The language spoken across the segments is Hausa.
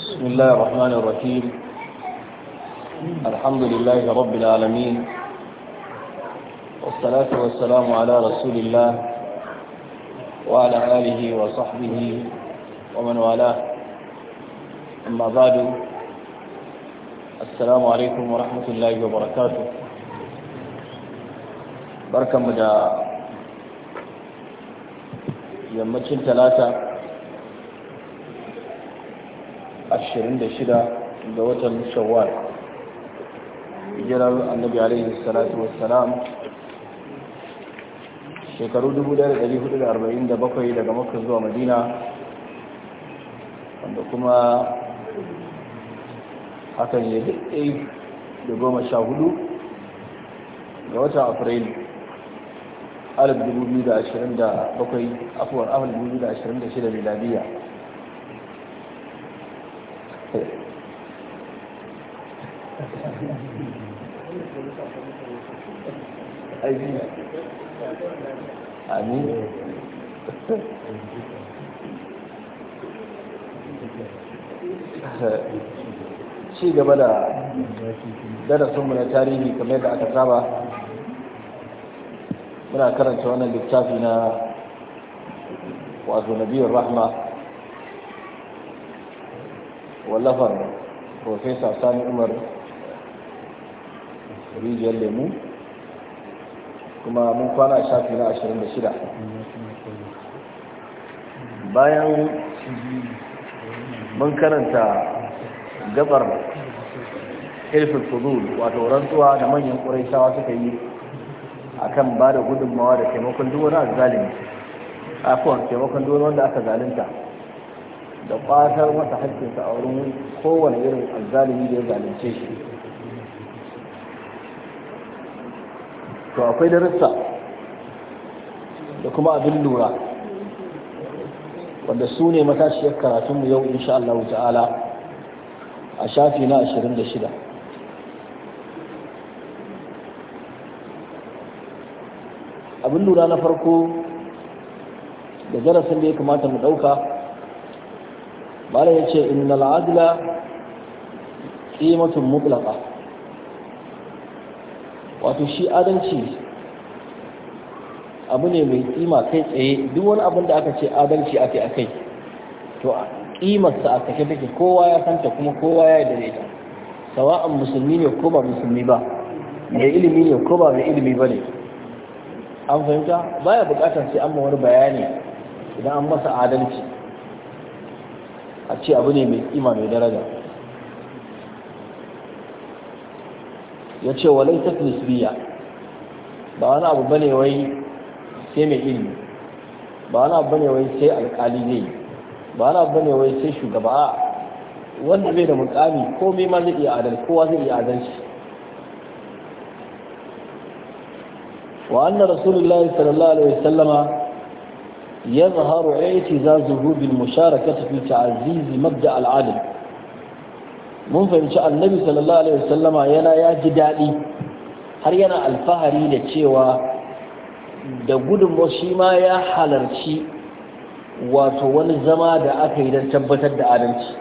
بسم الله الرحمن الرحيم الحمد لله رب العالمين والصلاة والسلام على رسول الله وعلى آله وصحبه ومن والاه أما بعد السلام عليكم ورحمة الله وبركاته بركة مدى يمتشن ثلاثة 26 ga watan shawwal jiran annabi alaihi salatu wassalam shekaru 1447 daga makka zuwa madina wanda kuma hakan ya daɗe da goma sha hudu ga watan afrilu 2027 afuwar 2026 miladiya amin ci gaba da darasinmu na tarihi kamar yadda aka saba muna karanta wannan littafi na wato nabiyar rahma wallafar profesa sani umar rijiyar lemu kuma mun kwana shafi na 26 bayan mun karanta gabar ilfin fuzul wato rantsuwa da manyan ƙuraishawa suka yi akan ba da gudunmawa da taimakon duwani a zalimi a taimakon duwani wanda aka zalunta da kwatar masa haƙƙinsa a wurin kowane irin azzalimi da ya zalunce shi to akwai darussa da kuma abin lura wanda su ne matashiyar karatunmu yau insha Allah ta'ala a shafi na 26 abin lura na farko da darasin da ya kamata mu ɗauka bala ya ce inna al'adila qimatun mutlaqa wato shi adalci abu ne mai kima kai tsaye duk wani abin da aka ce adalci ake akai to a kimarsa a kashe take kowa ya santa kuma kowa ya dare ta. sawa'an musulmi ne ko ba musulmi ba mai ilimi ne ko ba mai ilimi ba ne an fahimta baya bukatar sai an ma wani bayani idan an masa adalci a ce abu ne mai kima mai daraja ya ce wa laifat nisbiya ba wani abu bane wai sai mai ilimi ba wani abu bane wai sai alkali zai ba wani abu bane wai sai shugaba wanda bai da mukami mai ma zai iya adalci kowa zai iya adalci wa anna rasulullahi sallallahu alaihi wasallama يظهر اعتزازه بالمشاركة في تعزيز مبدأ العدل mun fahimci annabi sallallahu alaihi wasallama yana ya ji daɗi har yana alfahari da cewa da gudunmu shi ma ya halarci wato wani zama da aka yi don tabbatar da adalci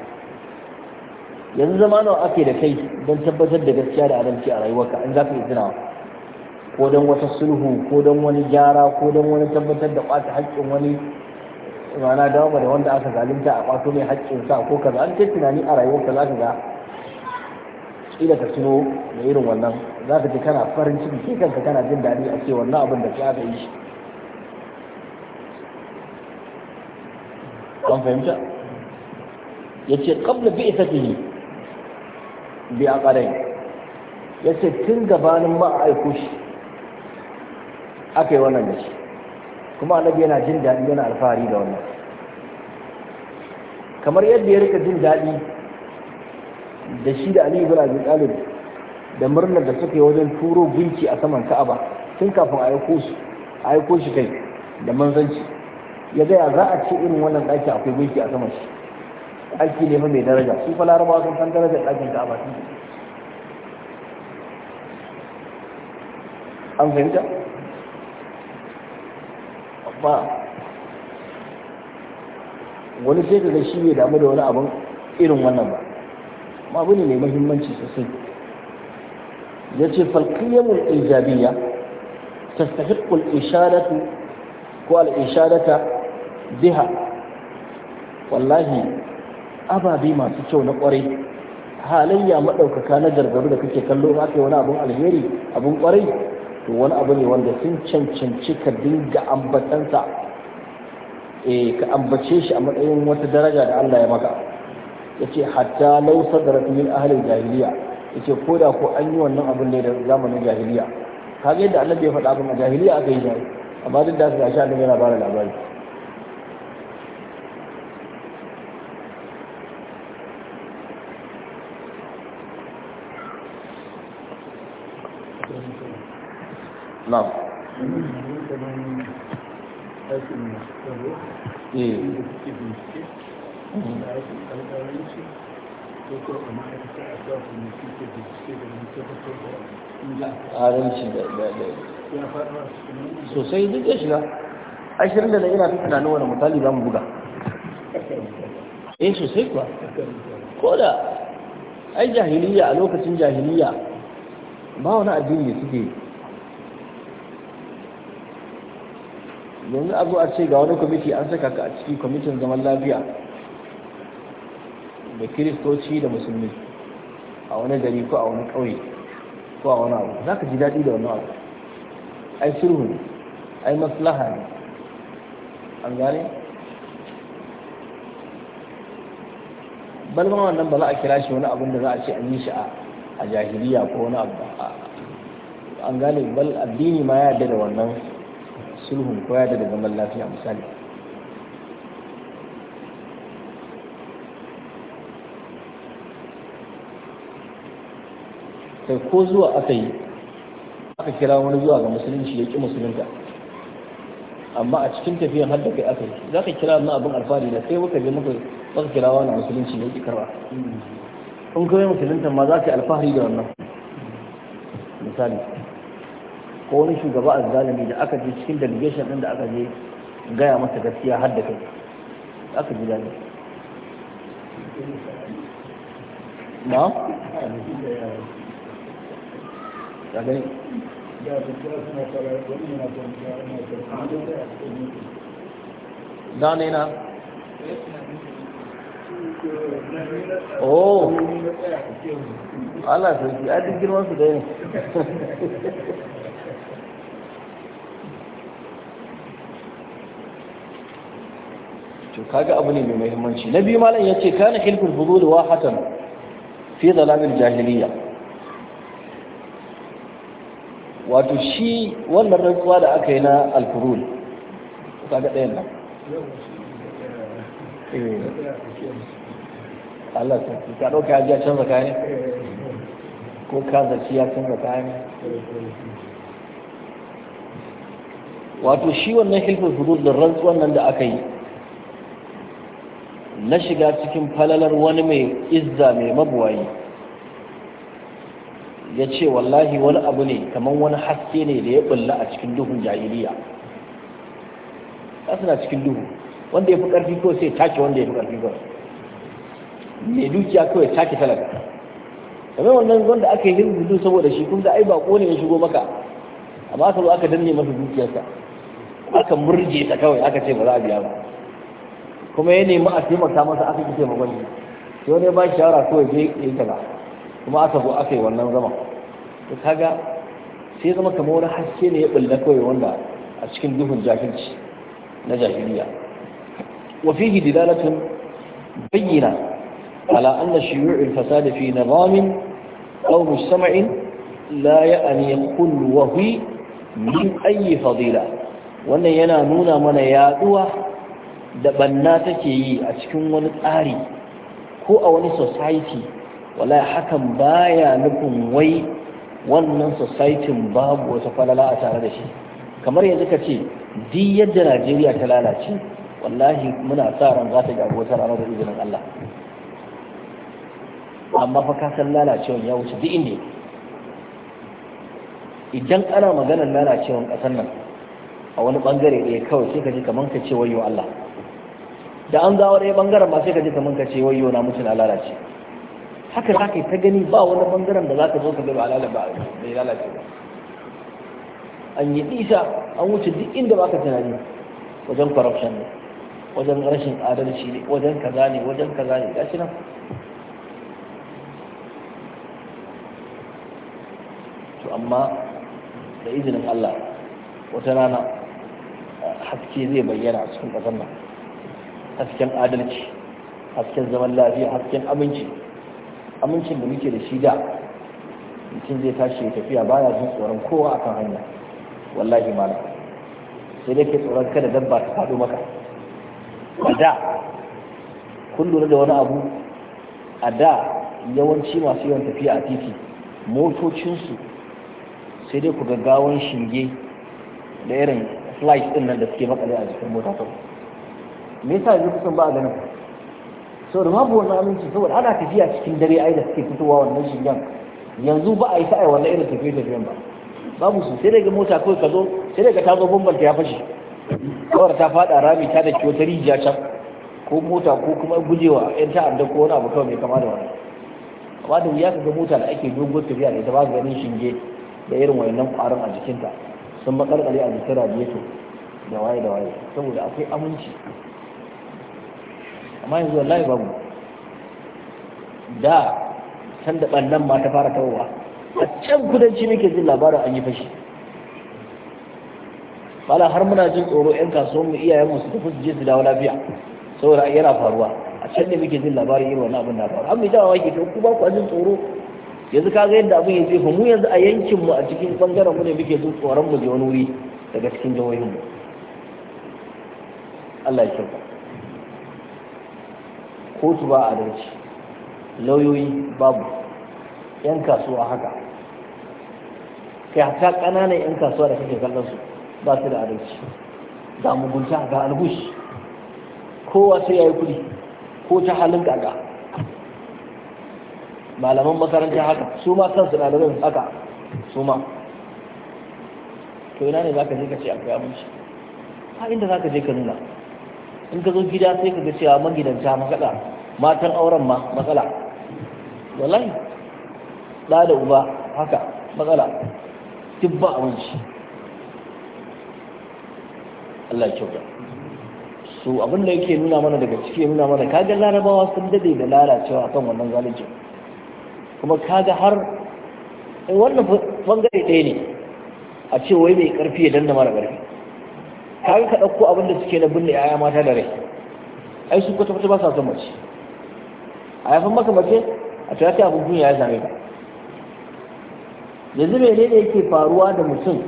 yanzu zama nawa aka yi da kai don tabbatar da gaskiya da adalci a rayuwarka in za ka yi tunawa ko don wata sulhu ko don wani gyara ko don wani tabbatar da ƙwata haƙƙin wani mana dawo da wanda aka zalunta a ƙwato mai sa, ko kaza an kai tunani a rayuwarka za ka ga kila ka tuno da irin wannan za ka ji kana farin ciki ke kanka kana jin daɗi a ce wannan abin da ka aka yi shi kan fahimta ya ce ƙabla bi isa fihi bi a ƙarai ya ce tun gabanin ma a aiko shi aka yi wannan da kuma annabi yana jin daɗi yana alfahari da wannan kamar yadda ya rika jin daɗi da shi da Aliyu ibn abin ɗalib da murnar da suka yi wajen turo gunki a saman Ka'aba tun kafin a yi koshi kai da manzanci ya gaya za a ce irin wannan ɗaki akwai gunki a saman shi ɗaki ne mai daraja su fa larabawa sun san darajar ɗakin Ka'aba an fahimta ba wani sai ka ga shi bai damu da wani abin irin wannan ba ma abu ne mai mahimmanci sosai ya ce falkiyamul ijabiya tastahiqul ishadatu ko al biha wallahi ababi masu kyau na kwarai halayya maɗaukaka na gargaru da kake kallo ba kai wani abun alheri abin kwarai to wani abu ne wanda sun cancanci ka dinga ambatansa e ka ambace shi a matsayin wata daraja da Allah ya maka yace hatta law sadarat min ahli jahiliya yace ko da ko an yi wannan abin ne da zamanin jahiliya kaga yadda Allah bai faɗa abin a jahiliya aka yi amma duk da haka shi Allah yana bada labari na'am eh. sosai duk ya shiga ashirin da ina fi tunanin wani misali zan mu buga eh sosai kuwa ko da ai jahiliya a lokacin jahiliya ba wani addini da suke yanzu a zo a ce ga wani kwamiti an saka ka a ciki kwamitin zaman lafiya da kiristoci da musulmi a wani gari ko a wani ƙauye ko a wani abu za ka ji daɗi da wani abu ai sulhu ne ai maslaha ne an gane balma wannan ba za a kira shi wani abin da za a ce an yi shi a jahiliya ko wani abu an gane bal addini ma ya yarda da wannan sulhun koya da zaman lafiya misali sai ko zuwa aka yi aka kira wani zuwa ga musulunci ya ƙi musulunta amma a cikin tafiyan har da kai aka yi za ka kira na abin alfahari da sai muka je muka baka kira wani musulunci ya ki karba in kawai musulunta ma za ka yi alfahari da wannan misali ko wani shugaba a zalimi da aka je cikin delegation ɗin da aka je gaya masa gaskiya har da kai aka ji daɗi na? ya gani da ne na oh Allah sarki a duk girman su da yin to kaga abu ne mai muhimmanci na biyu malam yace kana hilful fudul wahatan fi zalamil jahiliya wato shi wannan rantsuwa da aka yi na alfurul kaga ɗayan nan eh. Allah ta ka ɗauka ya canza kayan ko ka zaci ya canza kayan wato shi wannan hilfin hudud da rantsuwan nan da aka yi na shiga cikin falalar wani mai izza mai mabuwayi ya ce wallahi wani abu ne kamar wani haske ne da ya bulla a cikin duhun jahiliya suna cikin duhu wanda ya fi ƙarfi ko sai take wanda ya fi ƙarfi ko mai dukiya kawai take talaka kamar wannan wanda aka yi hirgudu saboda shi kun da ai bako ne ya shigo maka amma aka zo aka danne masa dukiyarsa aka murje ta kawai aka ce ba za a biya ba kuma ya nemi a taimaka masa aka ki taimakon shi sai ba shawara kawai je ya yi kaza kuma aka zo aka yi wannan zama to kaga sai zama kamar wani haske ne ya bulla kawai wanda a cikin duhun jahilci na jahiliya wa fihi dilalatun bayyana ala anna shuyu'ul fasad fi nizamin aw mujtama'in la ya'ni kullu wa min ayi fadila wannan yana nuna mana yaduwa da banna take yi a cikin wani tsari ko a wani society wala hakan baya nufin wai wannan society babu wata falala a tare da shi kamar yanzu ka ce duk yadda najeriya ta lalace wallahi muna sa ran za ta gabo wata rana da izinin allah amma fa kasan lalacewan ya wuce duk inda idan ana maganar lalacewan ƙasar nan a wani bangare ɗaya kawai sai ka ji kamar ka ce wayo Allah da an zawar ɗaya bangaren ba sai ka ji kamar ka ce wayo na mutu na lalace haka za ka yi ta gani ba wani bangaren da za ka zo ka ga ba bai lalace ba an yi nisa an wuce duk inda ba ka tunani wajen corruption ne wajen rashin adalci ne wajen kaza ne wajen kaza ne gashi nan to amma da izinin Allah wata rana haske zai bayyana a cikin ƙasar nan hasken adalci hasken zaman lafiya hasken aminci amincin da muke da shi da mutum zai tashi ya tafiya baya jin tsoron kowa akan hanya wallahi malam sai dai ke tsoron kada dabba ta faɗo maka a da kun lura da wani abu a da yawanci masu yawan tafiya a titi motocinsu sai dai ku gaggawan shinge da irin flight ɗin nan da suke makale a jikin mota me yasa yanzu kusan ba a ganin so da babu na aminci saboda ana tafiya cikin dare ai da suke fitowa wannan shigan yanzu ba a yi sa'ai wannan irin tafiye tafiyen ba babu su sai daga mota kawai ka zo sai daga ta zo bambar ta ya fashe kawar ta fada rami ta da ciwo ta rijiya can ko mota ko kuma gujewa yan ta'adda ko wani abu kawai mai kama da wani amma da wuya ka ga mota da ake dogon tafiya da ita ba ganin shinge da irin wayannan kwarin a jikinta sun makalkale a jikin radiyato da waye da waye saboda akwai aminci amma yanzu wallahi babu da san da ɓannan ma ta fara tawowa a can kudanci muke jin labarin an yi fashi bala har muna jin tsoro yan kasuwan mu iyayen mu su tafi su je su dawo lafiya saboda yana faruwa a can ne muke jin labarin irin wannan abin na faru amma ita wa ke ku ba ku jin tsoro yanzu ka ga yadda abin ya jefa mu yanzu a yankin mu a cikin bangaren mu ne muke jin tsoron mu je wani wuri daga cikin jihohin mu Allah ya kyauta kotu ba adalci lauyoyi babu yan kasuwa haka kai hata kananan yan kasuwa da kake kallon su ba su da adalci mu mugunta ga algushi kowa sai ya yi kuɗi ko ta halin gaga malaman makaranta haka su ma kansu ɗaliban haka su ma to ina ne za ka je ka ce akwai abinci a inda za ka je ka nuna in ka zo gida sai ka ga cewa magidanta matsala matan auren ma matsala wallahi da da uba haka matsala duk ba abinci Allah ya kyauta so abin da yake nuna mana daga ciki nuna mana kaga larabawa sun dade da lalacewa kan wannan zalunci kuma kaga har eh, wannan bangare ɗaya ne a ce wai mai karfi ya danna mara karfi kaga ka ɗauko abinda suke na binne yaya mata da rai ai su kwata-kwata ba sa son mace a yafin maka mace a ta abin duniya ya same ka yanzu mai ne yake faruwa da mutum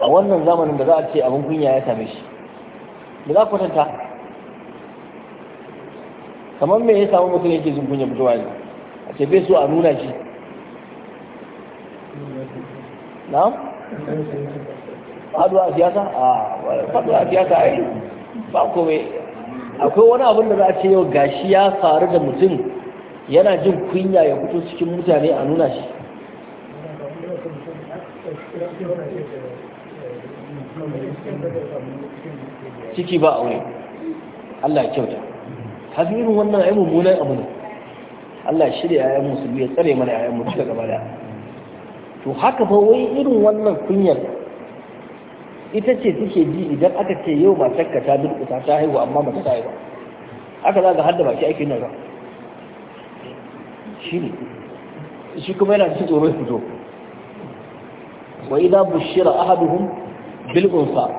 a wannan zamanin da za a ce abin kunya ya same shi da za ku kwatanta kamar me ya samu mutum yake zin kunya fitowa ne a ce bai so a nuna shi na'am faduwa a siyasa a faduwa a siyasa ai ba komai akwai wani abin da za a ce yau gashi ya faru da mutum yana jin kunya ya fito cikin mutane a nuna shi ciki ba aure Allah ya kyauta hazirin wannan ai mummunan abu ne Allah shirya yayan musulmi ya tsare mana yayan mutu daga bada to haka fa wai irin wannan kunyar ita ce suke ji idan aka ce yau ba takka ta durkuta ta haihuwa amma ba ta haihuwa aka za ga har da baki ake nan shi ne shi kuma yana cikin tsoron ya fito wa idza bushira ahaduhum bil unsa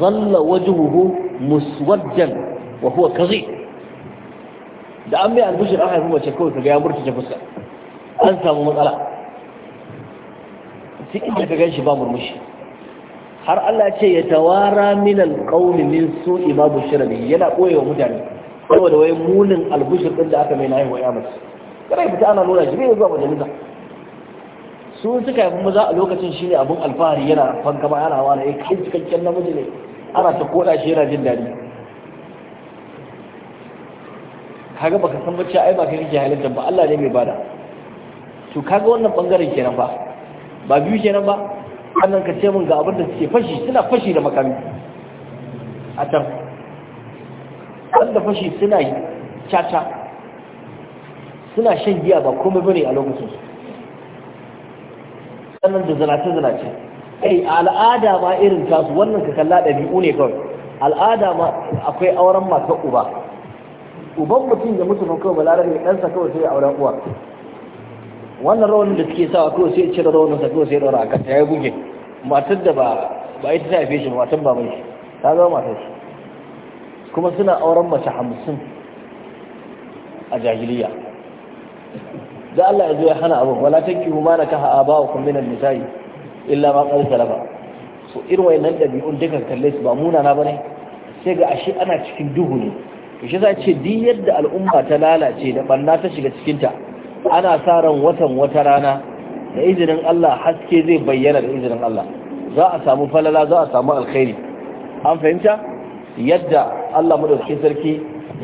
zalla wajhuhu muswaddan wa huwa kadhib da an bai albushir aka haifi mace kawai ta gaya murtace fuska an samu matsala cikin da ka gan shi ba murmushi har Allah ce ya tawara min alqawmi min su'i ma bushira bihi yana koyewa mutane saboda wai munin albushir din da aka mai na haihuwa yamas kada fita ana nuna shi zuwa majalisa su suka yi maza a lokacin shi ne abin alfahari yana fanka ba yana wani eh, kai cikakken namiji ne ana ta koda shi yana jin daɗi kaga baka san bacci ai ba kai kake halitta ba Allah ne mai bada to kaga wannan bangaren kenan ba ba biyu kenan ba annan ka ce mun ga abin da suke fashi suna fashi da makami a can wanda fashi suna caca suna shan giya ba komai bane a lokacin su sannan da zinace-zinace ai al'ada ma irin tasu wannan ka kalla ɗabi'u ne kawai al'ada ma akwai auren masu uba uban mutum ya mutu kawai ne ɗansa kawai sai auren uwa wannan rawan da suke sawa ko sai cire rawan sa ko sai daura a ta ya buge matar da ba ba ita ta haife shi ba matar ba shi ta zama matar shi kuma suna auren mace hamsin a jahiliya da Allah ya zo ya hana abu. wala tanki huma na kaha ba min an-nisa'i illa ma qad salama so irin nan dabi'un duka kalle su ba munana bane sai ga ashe ana cikin duhu ne to shi yasa ce duk yadda al'umma ta lalace da banna ta shiga cikin ta ana sa ran watan wata rana da izinin Allah haske zai bayyana da izinin Allah za a samu falala za a samu alkhairi an fahimta yadda Allah madaukakin sarki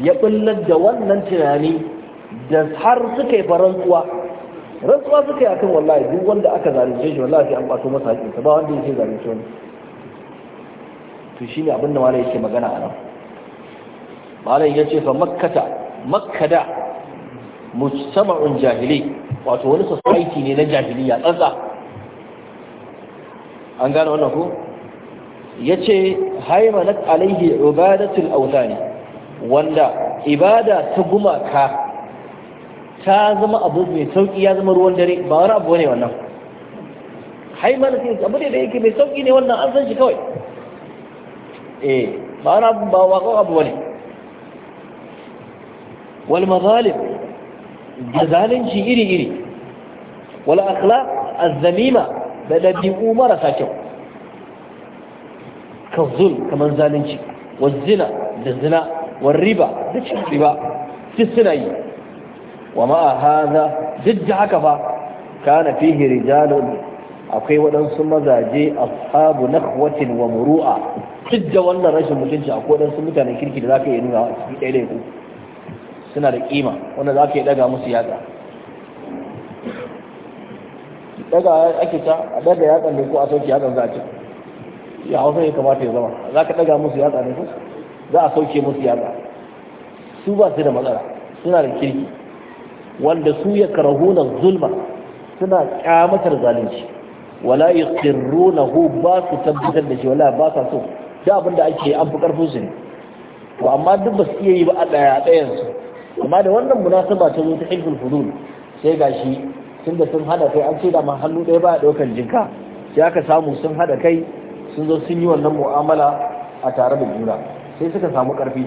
ya kullar da wannan tunani da har suka yi farantsuwa rantsuwa suka yi akan wallahi duk wanda aka zarince shi wallahi sai an kwato masa haƙƙinsa ba wanda yake zarince wani to shine abin da malai yake magana a nan malai yace fa makkata makkada mujtama'un jahili wato wani society ne na jahiliya tsatsa. an gane wannan ko yace haymanat alaihi ibadatul awthani wanda ibada ta gumaka ta zama abu mai sauki ya zama ruwan dare ba wani abu ne wannan haymanat abu ne da yake mai sauki ne wannan an san shi kawai eh ba wani abu ba wani abu ne wal mazalim da zalunci iri-iri wal akhlaq az da dabi'u marasa kyau ka zul kamar zalunci wa zina da zina wa riba da cin riba duk suna yi wa ma'a haza duk da haka fa kana fihi rijalun akwai waɗansu mazaje a ashabu na wa muru'a duk da wannan rashin mutunci akwai waɗansu mutanen kirki da zaka iya nuna a cikin ɗaya ku suna da kima wanda za ka yi daga musu yatsa daga ake ta a daga yatsan ne ko a sauke yatsan za a ci ya hausa ya kamata ya zama za ka daga musu yatsa ne ko za a sauke musu yatsa su ba su da matsala suna da kirki wanda su ya na zulma suna kyamatar zalunci wala na hu ba su tabbatar da shi wala ba sa so da abin da ake an fi karfin su ne to amma duk ba su iya yi ba a ɗaya dayan su amma da wannan munasaba ta zo ta ilful fudul sai gashi tun da sun hada kai an ce da ma hannu ɗaya ba ɗaukan jinka sai aka samu sun hada kai sun zo sun yi wannan mu'amala a tare da juna sai suka samu ƙarfi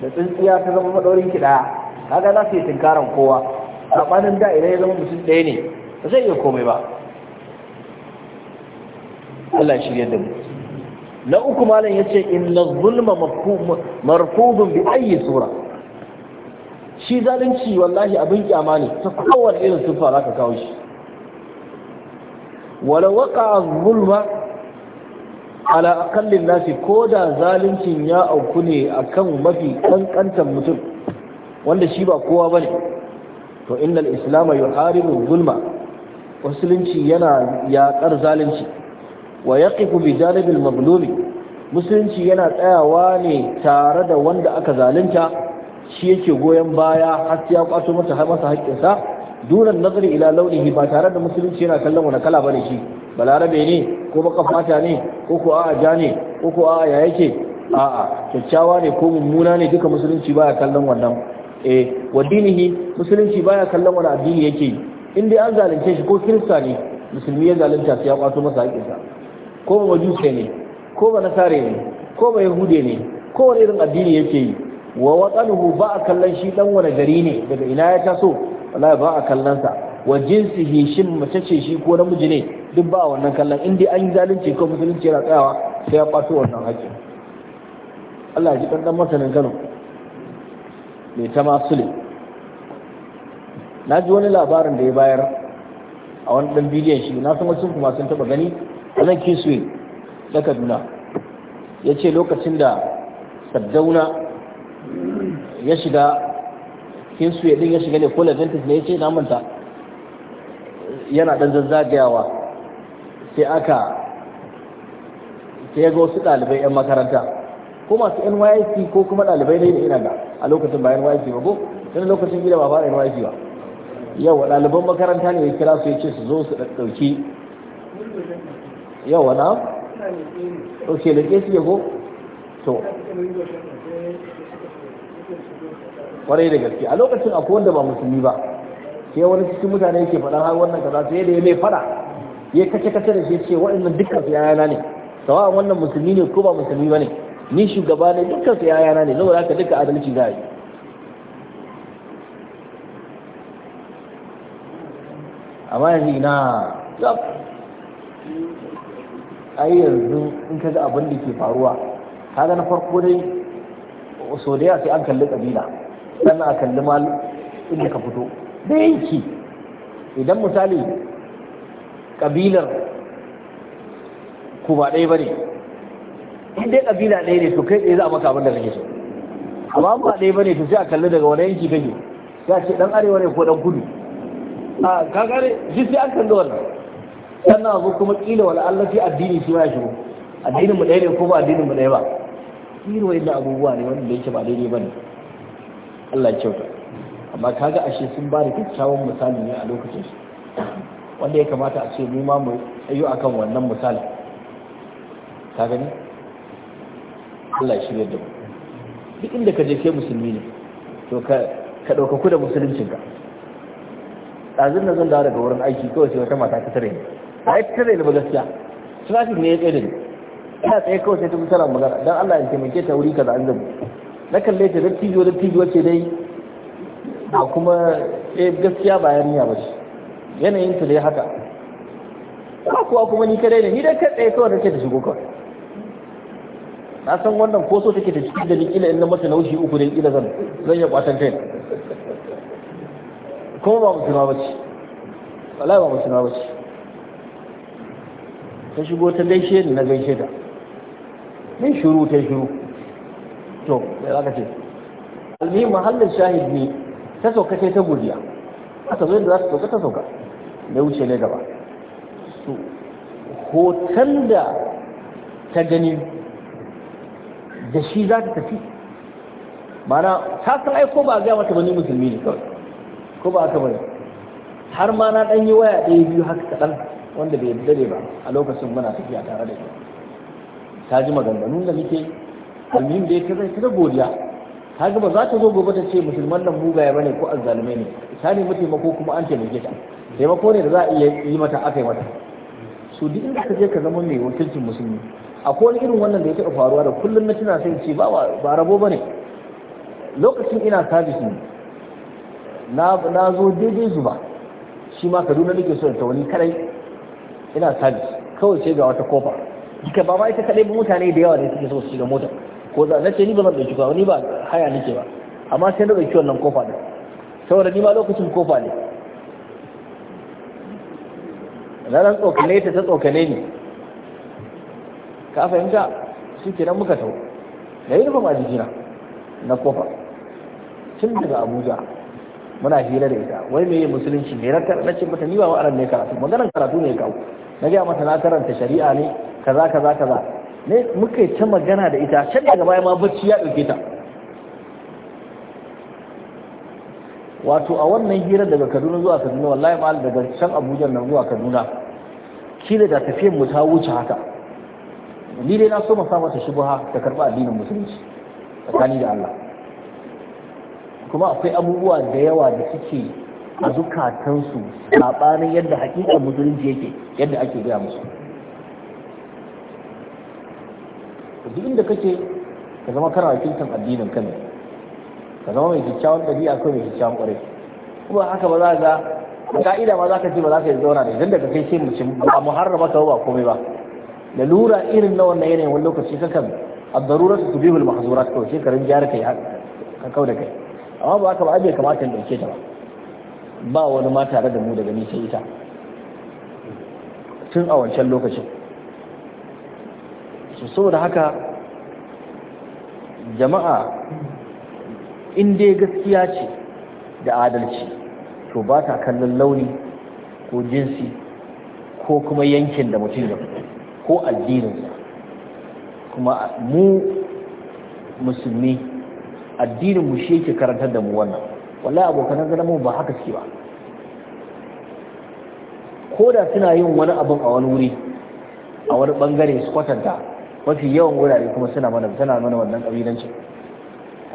da tsintsiya ta zama maɗaurin kiɗa kaga za su yi tunkaran kowa saɓanin da idan ya zama mutum ɗaya ne ba zai iya komai ba Allah shirya da na uku malam yace inna zulma marfudun bi ayyi sura shi zalunci wallahi abin kyama ne ta kowane irin siffa za ka kawo shi wala waka zulma ala akallin nasi ko da zaluncin ya auku ne akan mafi kankantar mutum wanda shi ba kowa ba ne to inda islamu harin zulma musulunci yana yaƙar zalunci wa yaqifu bi janibin musulunci yana tsayawa ne tare da wanda aka zalunta shi yake goyon baya har ya kwato masa har masa haƙƙinsa dunan nazari ila launihi ba tare da musulunci yana kallon wani kala bane shi balarabe ne ko baka fata ne ko ko a'a ja ne ko ko a'a ya yake a'a kyakkyawa ne ko mummuna ne duka musulunci baya kallon wannan eh wa dinihi musulunci baya kallon wani addini yake in dai an zalunce shi ko kirista ne musulmi ya zalunta sai ya kwato masa haƙƙinsa ko ba majusi ne ko ba nasare ne ko ba yahude ne ko wani irin addini yake yi wa watsanuhu ba a kallon shi dan wani gari ne daga ina ya taso wallahi ba a kallon sa wa jinsihi shin mace ce shi ko namiji ne duk ba wannan kallon in dai an yi zalunci ko musulunci yana tsayawa sai ya kwato wannan haƙƙi Allah ya ji dan masanin Kano Me ta masule na ji wani labarin da ya bayar a wani dan bidiyon shi na san wasu kuma sun taba gani a nan Kingsway na Kaduna ya ce lokacin da Saddauna ya shiga kinsu ya din ya shiga ne ko Leventis ne ya ce na manta yana dan zazzagayawa sai aka sai ya ga wasu ɗalibai 'yan makaranta ko masu NYC ko kuma ɗalibai ne da ina da a lokacin ba NYC ba ko tun lokacin gida ba fara NYC ba yawa ɗaliban makaranta ne ya kira su ya ce su zo su ɗauki yawa na ok da ke su ko to kwarai da gaske a lokacin akwai wanda ba musulmi ba sai wani cikin mutane yake faɗa har wannan kaza sai da ya mai faɗa ya kace kace da shi ce waɗannan dukkan su yayana ne sawa'an wannan musulmi ne ko ba musulmi ba ne ni shugaba ne dukkan su yayana ne saboda haka duka adalci za a yi amma yanzu ina tsaf ai yanzu in ka ga abin da ke faruwa kaga na farko dai sau da yasi sai an kalli kabila sannan a kalli mal inda ka fito da yanki idan misali kabilar ku ba ɗaya ba ne in dai kabila ɗaya ne to kai ɗaya za a maka abin da kake so amma ba ɗaya ba ne to sai a kalli daga wani yanki kake ya ce ɗan arewa ne ko ɗan kudu a kagare shi sai an kalli wannan sannan a zo kuma ƙila wala Allah addini shi ma ya shigo addinin mu ɗaya ne ko ba addinin mu ɗaya ba irin wa'in abubuwa ne wanda yake ba daidai ba ne Allah ya kyauta amma kaga ashe sun ba da kyakkyawan misali ne a lokacin su wanda ya kamata a ce mu ma mu tsayo akan wannan misali ka gani Allah ya shirya da mu duk inda ka je kai musulmi ne to ka ka ku da musuluncinka ɗazin na zan dawo daga wurin aiki kawai sai wata mata ta tare ni ba ita tare ni ba gaskiya traffic ne ya tsaye da ni ina tsaye kawai sai ta musala magana don Allah ya taimake ta wuri kaza an zabu na kalle ta dattijo dattijo ce dai a kuma eh gaskiya ba yarinya ba shi yanayin ta dai haka ba kuwa kuma ni kadai ne ni dai kaɗe tsaye kawai ke ta shigo kawai na san wannan ko so take ta cikin da nikila kila in na mata naushi uku da kila zan zan ya kwatan kai kuma ba musulma ba ce wallahi ba musulma ba ce ta shigo ta gaishe ni na gaishe ta min shiru ta shiru to ya za ka ce almi mahallin shahid ne ta sauka ce ta godiya a zo yadda za su sauka ta sauka da wuce ne gaba su hoton da ta gani da shi za ta tafi mana ta san ai ko ba a gaya mata bane musulmi ne kawai ko ba aka bane har ma na ɗan yi waya ɗaya biyu haka kaɗan wanda bai dare ba a lokacin muna tafiya tare da shi ta ji maganganun da muke almin da yake zai kira godiya kaga ba za ta zo gobe ta ce musulman nan mugaye bane ko azzalume ne ta nemi kuma an taimake ta taimako ne da za a iya yi mata akai mata su duk inda ka je ka zama mai wakilcin musulmi akwai irin wannan da ya taɓa faruwa da kullum na tuna sai ce ba ba rabo bane lokacin ina sabis ne na zo daidai zuba shi ma kaduna nake so ta wani kadai ina sabis kawai sai ga wata kofa duka ba ma ita kadai mutane da yawa ne suke so su shiga motar ko za na ce ni ba zan dauki ba ni ba haya nake ba amma sai na dauki wannan kofa ne saboda ni ma lokacin kofa ne ranar tsokane ta ta tsokane ne ka fahimta shi kenan muka tau Na yi nufa jina na kofa tun daga abuja muna hira da ita wai me musulunci ne na ce mata ni ba wa'aran ne karatu maganar karatu ne kawo na gaya mata na karanta shari'a ne kaza kaza kaza ne muka yi ta magana da ita can daga baya ma bacci ya ɗauke ta wato a wannan hira daga kaduna zuwa kaduna wallahi ma daga can abuja nan zuwa kaduna kila da tafiyar mu ta wuce haka ni dai na so mu sa mata shubha ta karba addinin musulunci tsakani da Allah kuma akwai abubuwa da yawa da suke a zukatansu saɓanin yadda hakikan musulunci yake yadda ake gaya musu duk inda kake ka zama kana wakiltar addinin ka ne ka zama mai kyakkyawan ɗabi'a ko mai kyakkyawan ƙwarai kuma haka ba za ga ka'ida ma za ka ce ba za ka yi zauna ne idan da ka kai sai mace ba mu ka ba komai ba Da lura irin na wannan yanayin wani lokaci kakan ad-daruratu tubihul su kawai mahzura ka rinjiyar kai ka kau da kai amma ba haka ba aje kamata in dauke ta ba ba wani ma tare da mu daga nisa ita tun a wancan lokacin so saboda haka jama'a in dai gaskiya ce da adalci to ba ta kallon launi ko jinsi ko kuma yankin da mutum ya ko addininsa kuma mu musulmi addinin mu shi yake karantar da mu wannan wallahi abokan ganin mu ba haka suke ba ko da suna yin wani abu a wani wuri a wani bangare su kwatanta mafi yawan wurare kuma suna mana tana mana wannan kabilanci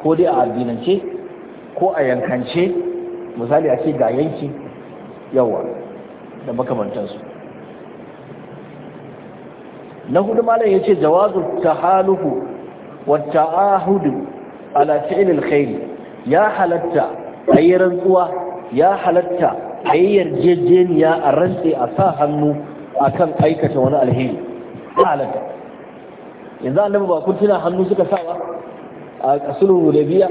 ko dai a addinance ko a yankance misali a ce ga yanki yawa da makamantansu na hudu malam ya ce jawazu haluhu wata ahudu ala fi'lil khairi ya halatta a yi rantsuwa ya halatta a yi yarjejeniya a rantse a sa hannu akan aikata wani alheri ya halatta yanzu annabi ba kun tuna hannu suka sa ba a sulhu hudaybiya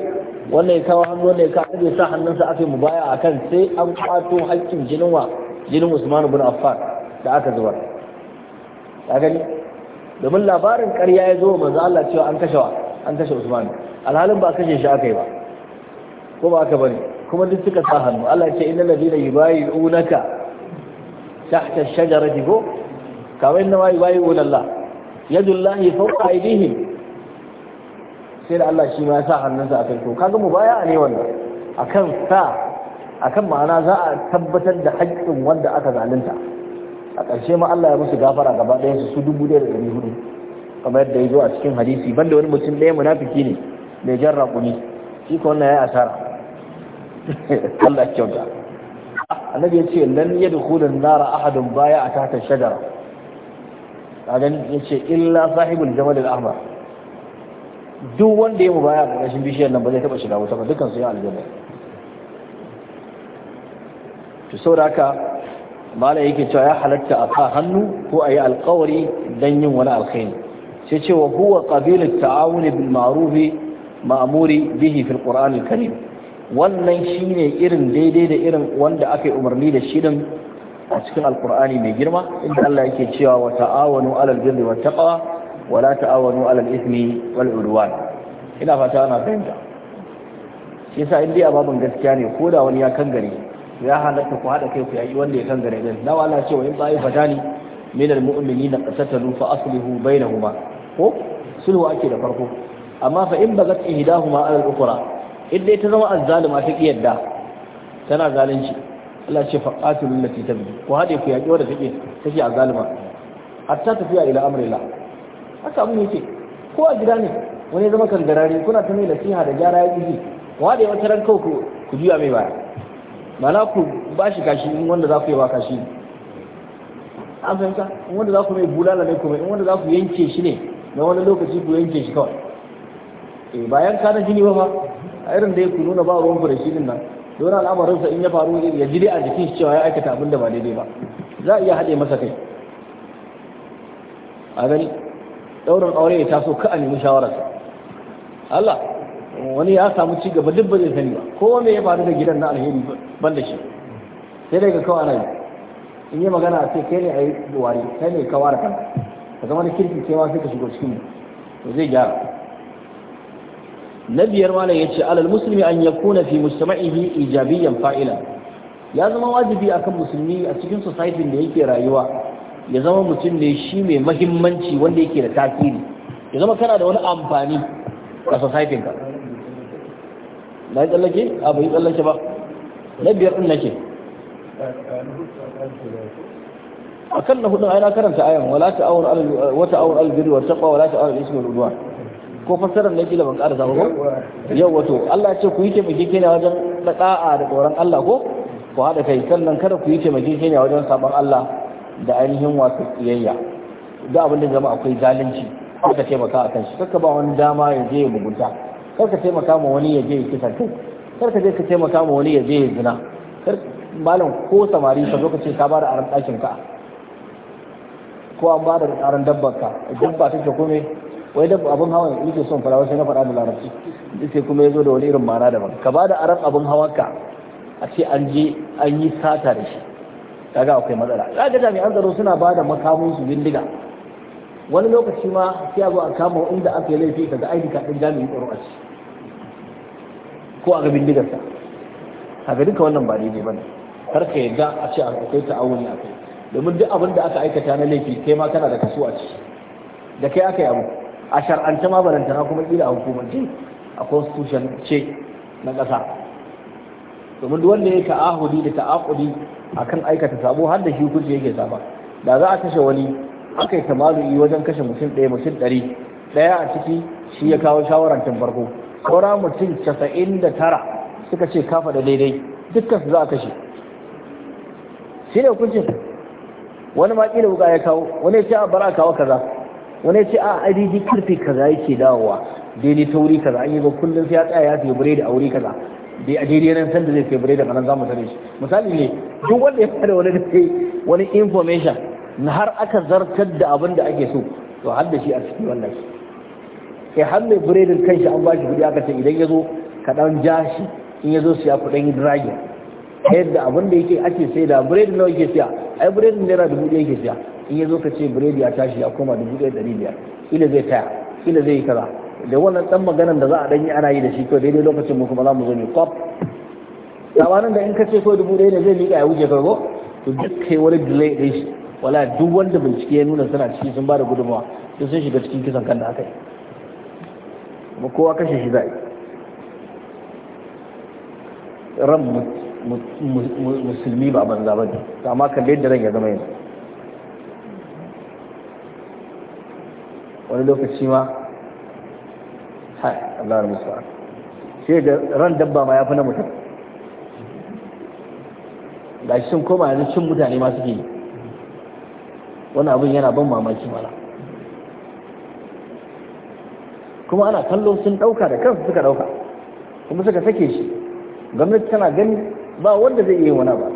wannan ya kawo hannu wannan ya kawo annabi sa hannunsa aka mu baya akan sai an kwato haƙƙin jinin wa jinin Usman ibn Affan da aka zubar ka gani domin labarin ƙarya ya zo manzo Allah cewa an kashe an kashe Usman alhalin ba kashe shi aka yi ba ko ba aka bane kuma duk suka sa hannu Allah ya ce innal ladina yubayyi'unaka tahta ash-shajarati ko kawai nawa yubayyi'una Allah yadullahi fauka aydihim sai da Allah shi ma ya sa hannunsa akan to kaga mu baya ne wannan akan sa akan ma'ana za a tabbatar da haƙƙin wanda aka zalunta a ƙarshe ma Allah ya musu gafara gaba ɗaya su dubu ɗaya da ɗari hudu kamar yadda ya zo a cikin hadisi banda wani mutum ɗaya munafiki ne mai jan raƙumi shi ko wannan ya asara Allah kyauta annabi ya ce lan yadkhulun nara ahadun baya a tahta shajara a gani ce illa sahibul jamal al-ahmar duk wanda ya mubaya a ƙarƙashin bishiyar nan ba zai taɓa shiga wuta ba dukkan su ya aljanna to saboda haka malai yake cewa ya halatta a ka hannu ko a yi alkawari don yin wani alkhairi sai ce wa huwa qabilu ta'awuni bil ma'ruf ma'muri bihi fil qur'an al-karim wannan shine irin daidai da irin wanda aka yi umarni da shi din a cikin alkur'ani mai girma inda Allah yake cewa wa ta'awanu alal birri wat taqwa wa la ta'awanu alal ismi wal udwan ina fata ana fahimta shi yasa in dai ababun gaskiya ne ko da wani ya kangare ya halatta ku hada kai ku yayi wanda ya kangare din na wala ce wa in ta'i fatani min al mu'minina qatatalu fa aslihu bainahuma ko sulhu ake da farko amma fa in bagat ihdahuma ma al ukhra in dai ta zama azzalima ta yarda tana zalunci Allah ce faqatilul lati tabi ko hade ku yaki wanda take take a zalima hatta tafiya ila amrillah haka abun yake ko a gida ne wani zama kan garare kuna ta mai nasiha da gyara ya ko wade wata ran kawai ku juya mai baya mana ku ba shi kashi in wanda za ku yi ba kashi an fahimta in wanda za ku mai bulala ne kuma in wanda za ku yanke shi ne na wani lokaci ku yanke shi kawai eh, bayan kana jini ba ma. a irin da ya ku nuna ba ruwan ku da shi nan wani al'amarinsa in ya faru ya jire a jikin shi cewa ya aikata abin da ba daidai ba za a iya haɗe masa kai a gani ɗaurin aure ya taso ka a nemi shawararsa Allah wani ya samu ci gaba duk ba zai sani ba ko wanda ya faru da gidan na alheri ban da shi sai dai ga kawai ana in yi magana a ce kai ne a yi duwari kai ne da kanka ka zama da kirki sai ma sai ka shigo cikin to zai gyara na biyar malam ya ce alal musulmi an yakuna fi mustama'ihi ijabiyan fa'ila ya zama wajibi a kan musulmi a cikin society da yake rayuwa ya zama mutum ne shi mai mahimmanci wanda yake da tasiri ya zama kana da wani amfani a society ka na yi tsallake a bai tsallake ba na biyar din nake akan na hudun ayyana karanta ayyana wala awon al wata kwa al awon wa taqwa wala ta'awun al ismi ko fassarar na kila ban karasa ba yau wato Allah ce ku yi taimakekeniya wajen da'a da tsoron Allah ko ku haɗa kai sannan kada ku yi taimakekeniya wajen sabon Allah da ainihin wato tsiyayya da abin da zama akwai zalunci ka taimaka a kan shi kakka ba wani dama ya je ya mugunta kar ka taimaka ma wani ya je ya kisa. kai kar ka je ka taimaka ma wani ya je ya zina kar malam ko samari ka zo ka ce ka ba da aran ɗakin ka ko an ba da aran dabbar ka dabba take kome wai da abun hawa ne yake son fara sai na fara da larabci ce kuma ya zo da wani irin mara daban ka ba da arab abun hawa ka a ce an je an yi sata da shi kaga akwai matsala kaga jami'an tsaro suna da makamun su bindiga wani lokaci ma sai a zo a kama inda aka yi laifi kaga aiki ka din jami'in tsaro a ci ko a ga bindigarsa kaga duka wannan ba daidai bane kar ka yadda a ce an akwai ta'awuni a kai domin duk abin da aka aikata na laifi kai ma kana da kaso a ci, da kai aka yi abu a shar'anta ma barantana kuma kila a hukumance a constitution ce na ƙasa domin duk wanda ya ta'ahudi da a akan aikata sabo har da shi hukunci yake saba da za a kashe wani aka yi tamalu'i wajen kashe mutum ɗaya mutum ɗari ɗaya a ciki shi ya kawo shawarar tun farko saura mutum casa'in da tara suka ce kafa da daidai dukkan su za a kashe shi ne hukuncin wani ma ƙila wuka ya kawo wani ya ce a bara kawo kaza wani ya ce a ah, ai daidai karfe kaza yake dawowa daidai ta wuri kaza an yi ba kullum sai ya tsaya ya sayi biredi a wuri kaza dai a daidai nan sanda zai sayi biredi a nan za mu tare shi misali ne duk wanda ya fara wani da wani information na har aka zartar da abin da ake so to har da shi a ciki wannan sai eh, har mai biredin kanshi an ba shi kuɗi aka ce idan ya zo ka ɗan ja shi in ya zo siya kuɗin dragin yadda abin da yake ake sai da biredin nawa yake siya ai biredin naira dubu ɗaya yake siya in ya zo ka ce biredi ya tashi ya koma dubu ɗaya ɗari biyar ila zai taya ila zai yi kaza da wannan ɗan maganan da za a ɗanyi ana yi da shi ko daidai lokacin mu kuma za mu zo ne kwaf sabanin da in ka ce ko dubu ɗaya ne zai miƙa ya wuce kargo to duk kai wani delay ɗin shi wala duk wanda bincike ya nuna suna ciki sun ba da gudunmawa sai sun shiga cikin kisan kan da aka yi kuma kowa kashe shi zai ran musulmi ba banza ba ne amma kan da yadda ran ya zama yanzu wani lokaci ma hai Allah musu sai da ran dabba ma ya fi na mutum ga shi sun koma yanzu cin mutane ma suke yi wani abin yana ban mamaki mana kuma ana kallo sun ɗauka da kansu suka ɗauka kuma suka sake shi gwamnati tana gani ba wanda zai iya wani ba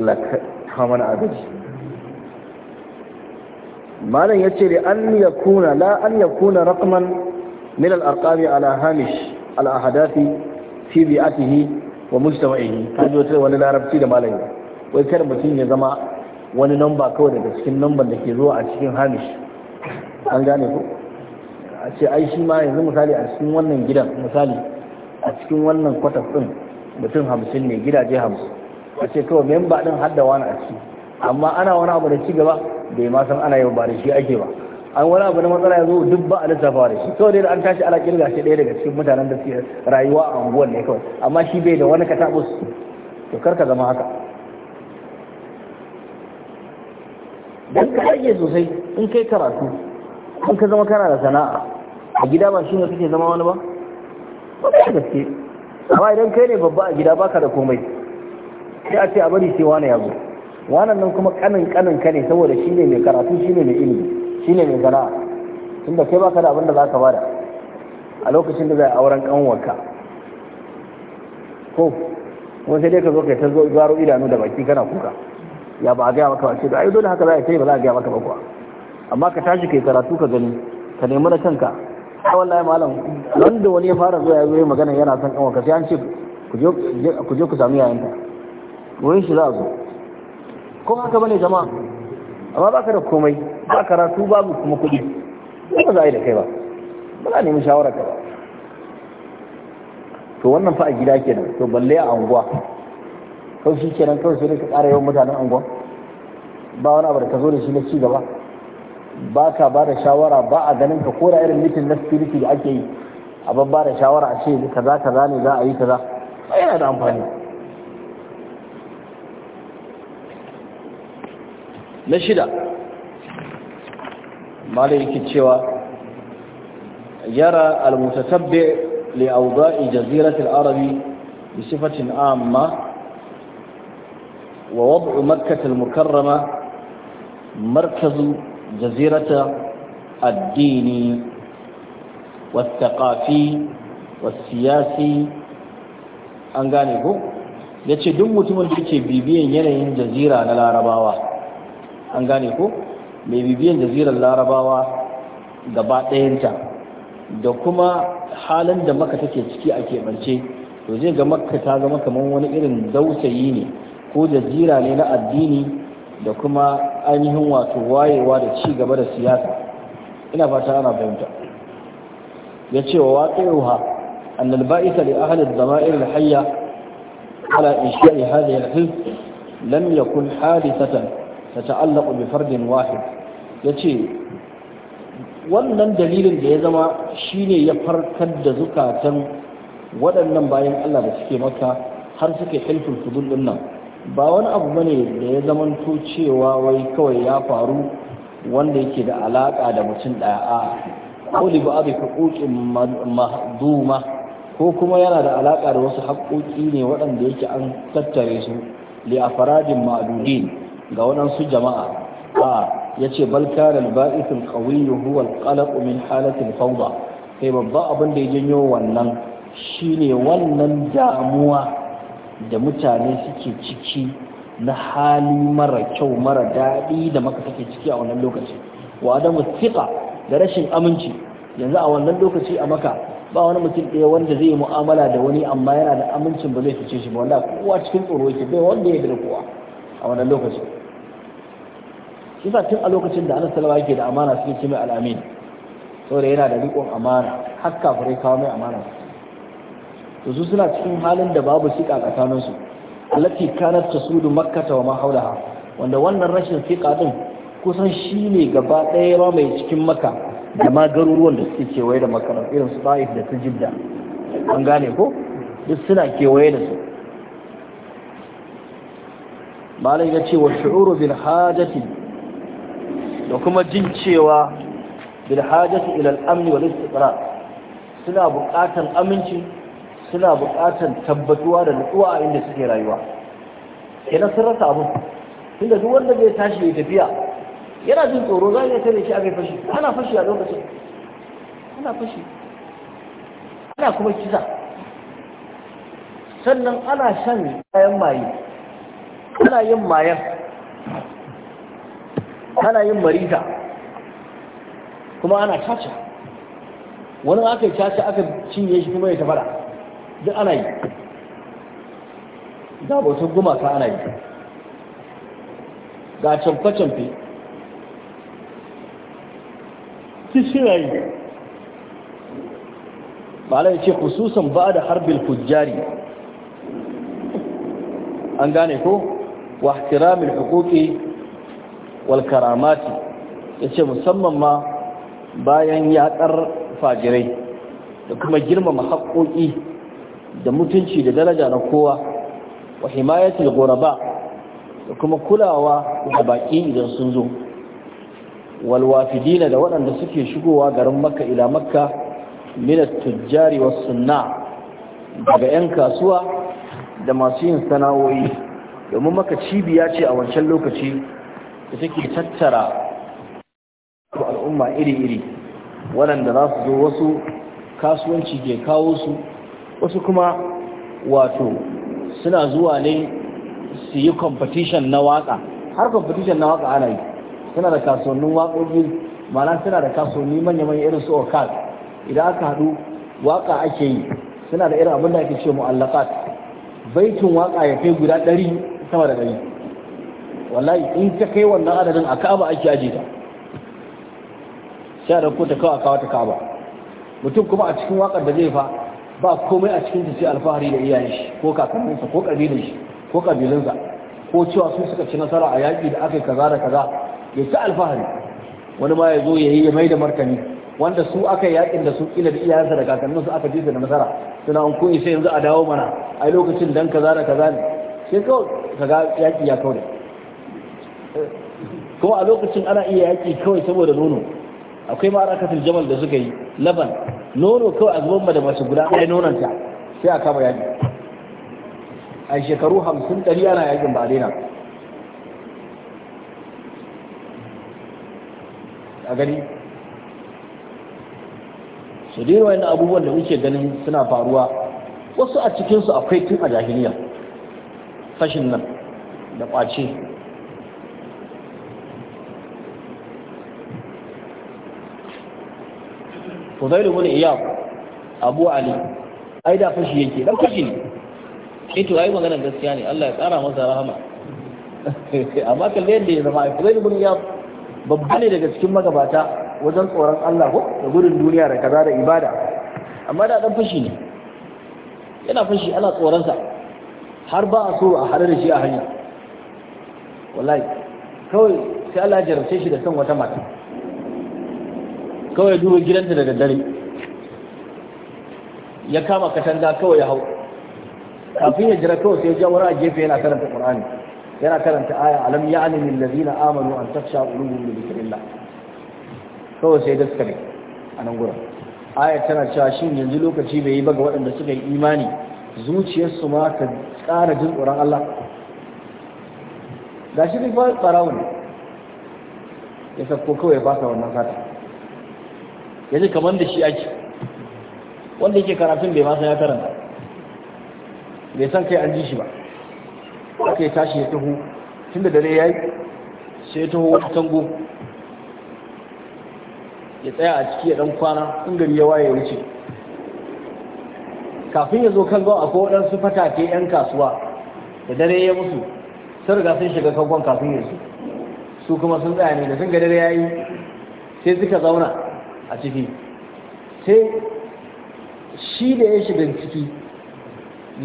Laka ka mana agaji malam ya ce an la an yakuna raqman min al arqami ala hamish al ahadathi fi bi'atihi wa mujtama'ihi kaji wata wani larabci da malam ya wai kar mutum ya zama wani namba kawai daga cikin namban da ke zuwa a cikin hamish an gane ko a ce ai shi ma yanzu misali a cikin wannan gidan misali a cikin wannan kwatas din mutum hamsin ne gidaje hamsin a ce kawai memba din hadda wani a ciki amma ana wani abu da ci gaba bai ma san ana yau ba da shi ake ba an wani abu na matsala ya zo duk ba a lissafa da shi kawai da an tashi ala kirga shi ɗaya daga cikin mutanen da suke rayuwa a unguwan ne kawai amma shi bai da wani katabus to kar ka zama haka dan ka rage sosai in kai karatu in ka zama kana da sana'a a gida ba shi ne kake zama wani ba ba ka gaske amma idan kai ne babba a gida baka da komai sai a ce a bari sai wani ya zo wannan nan kuma kanin kanin ka ne saboda shi ne mai karatu shi ne mai ilimi shi ne mai sana'a tunda kai baka da abin da za ka bada a lokacin da zai auren kanwarka ko kuma sai dai ka zo kai ta zo garo idanu da baki kana kuka ya ba a gaya maka ba ce ai dole haka za a yi ba za a gaya maka ba kuwa amma ka tashi kai karatu ka gani ka nemi na kanka a wallahi malam wanda wani ya fara zuwa ya zo magana yana son kanwarka sai an ce ku je ku sami yayanta wurin shi za a zo ko haka bane jama'a amma baka da komai ba karatu babu kuma kuɗi ba za a yi da kai ba ba za a nemi shawarar ka ba to wannan fa a gida kenan to balle a anguwa kawai shi kenan kawai sai ka ƙara yawan mutanen anguwa ba wani abu da ka zo da shi na ci gaba ba ka ba da shawara ba a ganin ka kora irin mitin na spiriti da ake yi a babba da shawara a ce kaza kaza ne za a yi kaza yana da amfani na shida malai yake cewa yara almutatabbi li awda'i jaziratil arabi bi sifatin amma wa wad'u makkah almukarrama markazu jazirata addini والثقافي siyasi. an gane ko ya ce duk mutumin da yake bibiyan yanayin jazira na larabawa an gane ko mai bibiyan jazirar larabawa gaba ɗayanta da kuma halin da maka take ciki a keɓance to zai ga Maka ta zama kamar wani irin dausayi ne ko jazira ne na addini da kuma ainihin wato wayewa da ci gaba da siyasa ina fata ana fahimta ya ce wa ruha an ba'isa li ahalin zama irin hayya ala insha'i hadhihi ya lam yakun hadithatan tata'allaqu bi fardin wahid yace wannan dalilin da ya zama shine ya farkar da zukatan waɗannan bayan Allah da suke maka har suke hilful fudul din nan ba wani abu bane da ya zamanto cewa wai kawai ya faru wanda yake da alaka da mutum ɗaya a kauli ba abi huquqin mahduma ko kuma yana da alaka da wasu haƙoƙi ne waɗanda yake an tattare su li afradin ma'dudin ga waɗansu jama'a a ya ce balka da ba'isin ƙawiyu huwa alƙalaƙu min halatin fauda babba abin da ya janyo wannan shine wannan damuwa da mutane suke ciki na hali mara kyau mara daɗi da maka take ciki a wannan lokaci wa adamu thiqa da rashin aminci yanzu a wannan lokaci a maka ba wani mutum ɗaya wanda zai yi mu'amala da wani amma yana da amincin ba zai fice shi ba wanda kowa cikin tsoro yake bai wanda ya bi da kowa a wannan lokaci yasa tun a lokacin da ana sallallahu yake da amana suke ce mai al'amin saboda yana da riƙon amana har kafirai kawo mai amana to su suna cikin halin da babu siƙa tsakanin su allati kanat tasudu makkata wa ma wanda wannan rashin siƙa din kusan shine gaba ɗaya ba mai cikin makka da ma garuruwan da suke kewaye da makka irin su ta'if da su an gane ko duk suna kewaye da su malai ya ce wa shi'uru bil hajati da kuma jin cewa bil hajatu ila al-amn wal istiqrar suna buƙatan aminci suna buƙatan tabbatuwa da nutsuwa a inda suke rayuwa kenan sun rasa abu tunda duk wanda zai tashi ya tafiya yana jin tsoro za ya tare shi a kai fashi ana fashi a lokacin ana fashi ana kuma kisa sannan ana shan kayan maye ana yin mayan ana yin marita kuma ana caca wani aka yi caca aka cinye shi kuma ya tafara duk ana yi Za a bautar gumaka ana yi ga camfe-camfe na yi malai ce hususan ba da harbin kujari. an gane ko wa hukumi wal karamati yace musamman ma bayan yaƙar fajirai da kuma girmama haƙoƙi da mutunci da daraja na kowa wa himayatul ghuraba da kuma kulawa da baƙi idan sun zo wal wafidina da waɗanda suke shigowa garin makka ila makka min at-tujjari was sunna daga 'yan kasuwa da masu yin sana'o'i domin maka cibiya ce a wancan lokaci da take tattara al'umma iri-iri waɗanda za su zo wasu kasuwanci ke kawo su wasu kuma wato suna zuwa ne su yi competition na waka har competition na waka ana yi suna da kasuwannin waƙoƙi mana suna da kasuwanni manya-manya irin su okal idan aka haɗu waka ake yi suna da irin abin da ake ce mu'allakat baitin waka ya kai guda ɗari sama da ɗari wallahi in ta kai wannan adadin a ka'aba ake aje ta sai a ɗauko ta kawo a kawo ta ka'aba mutum kuma a cikin waƙar da zai fa ba komai a cikin ta sai alfahari da iyaye shi ko kakanninsa ko kabilin shi ko ƙabilunsa ko cewa su suka ci nasara a yaƙi da aka yi kaza da kaza ya ci alfahari wani ma ya zo ya yi ya mai da martani wanda su aka yi yaƙin da su ƙila da iyayensa da kakanninsu aka ji da nasara suna an koyi sai yanzu a dawo mana ai lokacin dan kaza da kaza ne sai kawai kaga yaƙi ya kawai kuma a lokacin ana iya yaki kawai saboda nono akwai mara kafin jamal da suka yi laban nono kawai a zuban da masu guda ɗaya nonanta sai a kama yaki a shekaru hamsin ɗari ana yakin ba daina a gani su dai wani abubuwan da muke ganin suna faruwa wasu a cikinsu akwai tun a jahiliya fashin nan da ƙwace Fudayl ibn Iyad Abu Ali ai da fashi yake dan fashi ne eh to ai magana gaskiya ne Allah ya tsara masa rahama amma kalle yadda ya zama Fudayl ibn Iyad babba ne daga cikin magabata wajen tsoron Allah ko da gudun duniya da kaza da ibada amma da dan fashi ne yana fashi ana tsoron sa. har ba a so a hada da shi a hanya wallahi kawai sai Allah ya jarabce shi da son wata mata kawai duba gidanta da dare. ya kama katanga kawai ya hau kafin ya jira kawai sai jawo a gefe yana karanta qur'ani yana karanta aya alam ya'ni lil ladina amanu an tafsha qulubuhum li dhikrillah kawai sai ne a nan gurin aya tana cewa shin yanzu lokaci bai yi ba ga waɗanda suka yi imani zuciyarsu ma ta ƙara jin tsoron Allah gashi dai ba tsarawo ya sako kawai ba ta wannan sata ya ji kamar da shi ake wanda yake karatun bai masa ya karanta bai san kai an ji shi ba aka yi tashi ya taho tun da dare ya yi sai ya taho wata tango ya tsaya a ciki ya dan kwana in gari ya waye wuce kafin ya zo kan gawa akwai waɗansu fatake 'yan kasuwa da dare ya musu sun riga sun shiga kangon kafin yanzu su kuma sun tsaya ne da sun ga dare ya yi sai suka zauna a ciki sai shi da ya shiga ciki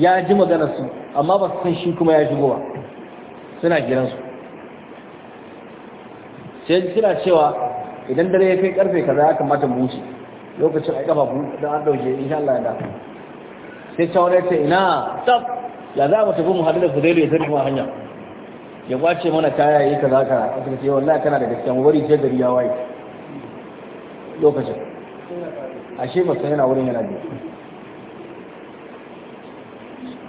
ya ji maganarsu, su amma ba su san shi kuma ya shigo ba suna giransu. sai suna cewa idan dare ya kai karfe kaza ya kamata mu wuce lokacin a kafafu don an dauke insha Allah da sai cewa ne ce ina tab ya za mu tafi mu hadu da Fudailu ya tarfi hanya ya kwace mana kaya yi kaza ka suka ce wallahi kana da gaskiya mu bari ce gari ya waye lokacin ashe ba sai yana wurin yana biyu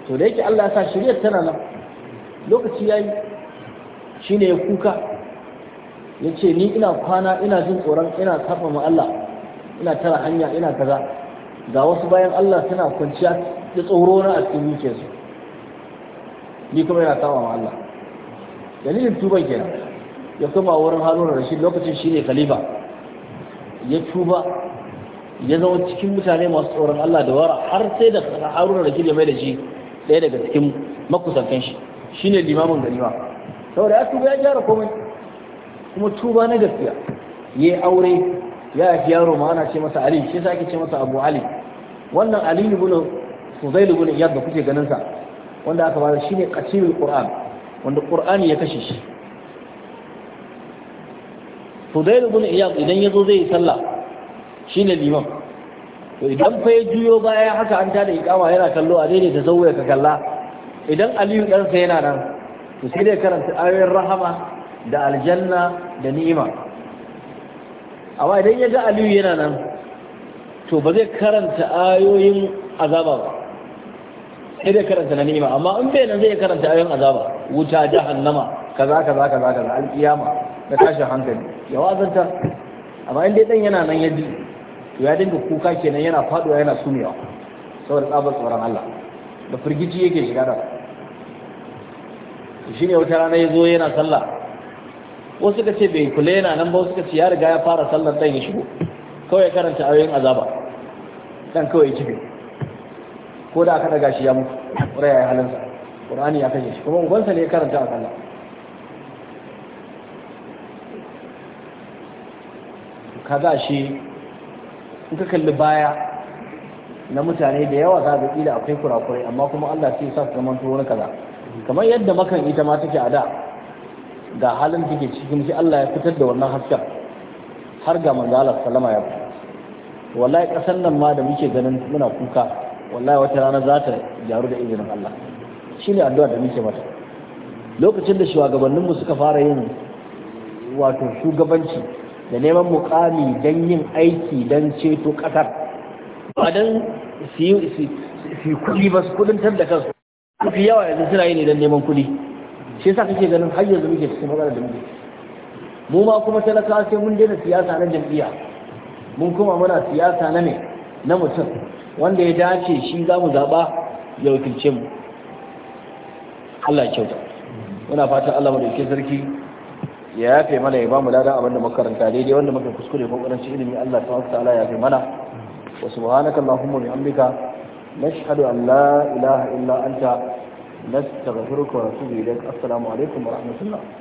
to da yake Allah ya sa shirya tana nan lokaci ya yi shi ne ya kuka Ya ce ni ina kwana ina jin tsoron ina kafa ma Allah ina tara hanya ina kaza ga wasu bayan Allah suna kwanciya da tsoro na a cikin zuciyarsu ni kuma yana kama ma Allah dalilin tuban kenan ya kuma wurin Haruna rashin lokacin shi ne khalifa ya tuba ya zama cikin mutane masu tsoron Allah da wara har sai da haruna da kiri mai da shi ɗaya daga cikin makusantan shi shine limamin ganima saboda ya tuba ya gyara komai kuma tuba na gaskiya ya aure ya haifi yaro ma ana ce masa ali shi yasa ake ce masa abu ali wannan ali ibn fuzail ibn iyad da kuke ganin sa wanda aka ba shi ne qatilul qur'an wanda ƙur'ani ya kashe shi da ibn iyad idan yazo zai yi sallah shine liman to idan fa ya juyo baya haka an tada ikama yana kallo a daidai da sauya ka kalla idan aliyu dan yana nan to sai dai karanta ayoyin rahama da aljanna da ni'ima amma idan ya ga aliyu yana nan to ba zai karanta ayoyin azaba ba sai dai karanta na ni'ima amma in bai nan zai karanta ayoyin azaba wuta jahannama kaza kaza kaza kaza alkiyama da tashin hankali ya wazanta amma inda dai yana nan ya ji to ya dinga kuka kenan yana faduwa yana sumewa saboda tsabar tsoron Allah da firgici yake shiga da shi ne wata rana ya zo yana sallah wasu suka ce bai kula yana nan ba suka ce ya riga ya fara sallar dan ya shigo kawai karanta ayoyin azaba dan kawai kibe ko da aka daga shi ya mutu raya ya halinsa qur'ani ya kashe shi kuma ubansa ne ya karanta a sallah kaga shi in ka kalli baya na mutane da yawa za ga kila akwai kurakurai amma kuma Allah sai sa su zama wani kaza kamar yadda makan ita ma take a da ga halin take cikin shi Allah ya fitar da wannan hasken har ga manzo Allah sallama ya wallahi kasan nan ma da muke ganin muna kuka wallahi wata rana za ta jaru da izinin Allah shine addu'a da muke mata lokacin da shugabanninmu suka fara yin wato shugabanci da neman mukami don yin aiki don ceto ƙasar ba don su kuli ba su kudin da kansu mafi yawa yanzu suna yi ne don neman kuli shi sa kake ganin har yanzu muke cikin magana da muke mu ma kuma talakawa sai mun daina siyasa na jam'iyya mun kuma muna siyasa na ne na mutum wanda ya dace shi za mu zaɓa ya wakilce mu Allah ya kyauta muna fatan Allah mu ɗauke sarki ya yafe mana ya bamu lada abin da muka karanta daidai wanda muka kuskure ko karanci ilimi Allah ta ta'ala ya yafe mana wa subhanaka allahumma bihamdika nashhadu an la ilaha illa anta nastaghfiruka wa natubu ilaik assalamu alaikum wa rahmatullah